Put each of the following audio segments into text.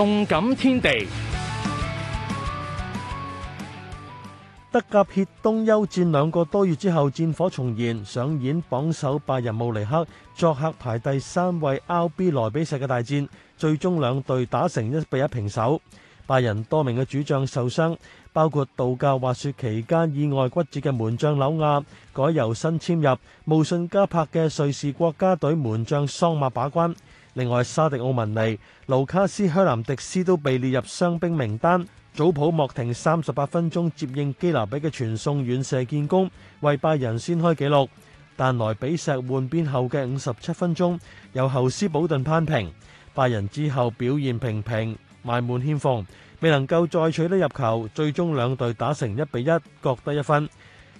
動感天地，德甲歇冬休戰兩個多月之後戰火重燃，上演榜首拜仁慕尼黑作客排第三位 RB 萊比錫嘅大戰，最終兩隊打成一比一平手。拜仁多名嘅主將受傷，包括度假滑雪期間意外骨折嘅門將紐亞改由新簽入慕遜加柏嘅瑞士國家隊門將桑馬把關。另外，沙迪奧文尼、盧卡斯軒南迪斯都被列入傷兵名單。祖普莫廷三十八分鐘接應基拿比嘅傳送遠射建功，為拜仁先開紀錄。但萊比錫換邊後嘅五十七分鐘，由侯斯保頓攀平。拜仁之後表現平平，埋門欠奉，未能夠再取得入球，最終兩隊打成一比一，各得一分。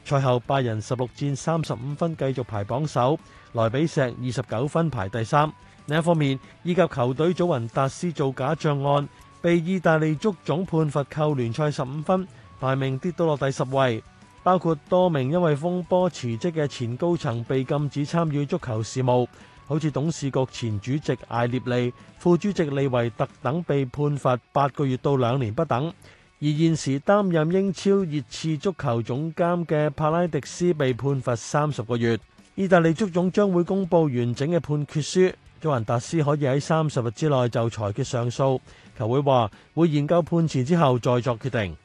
賽後，拜仁十六戰三十五分繼續排榜首，萊比錫二十九分排第三。另一方面，意甲球隊祖雲達斯造假賬案，被意大利足總判罰扣聯賽十五分，排名跌到落第十位。包括多名因為風波辭職嘅前高層被禁止參與足球事務，好似董事局前主席艾列利、副主席利維特等被判罰八個月到兩年不等。而現時擔任英超熱刺足球總監嘅帕拉迪斯被判罰三十個月，意大利足總將會公佈完整嘅判決書。祖雲達斯可以喺三十日之內就裁決上訴，球會話會研究判詞之後再作決定。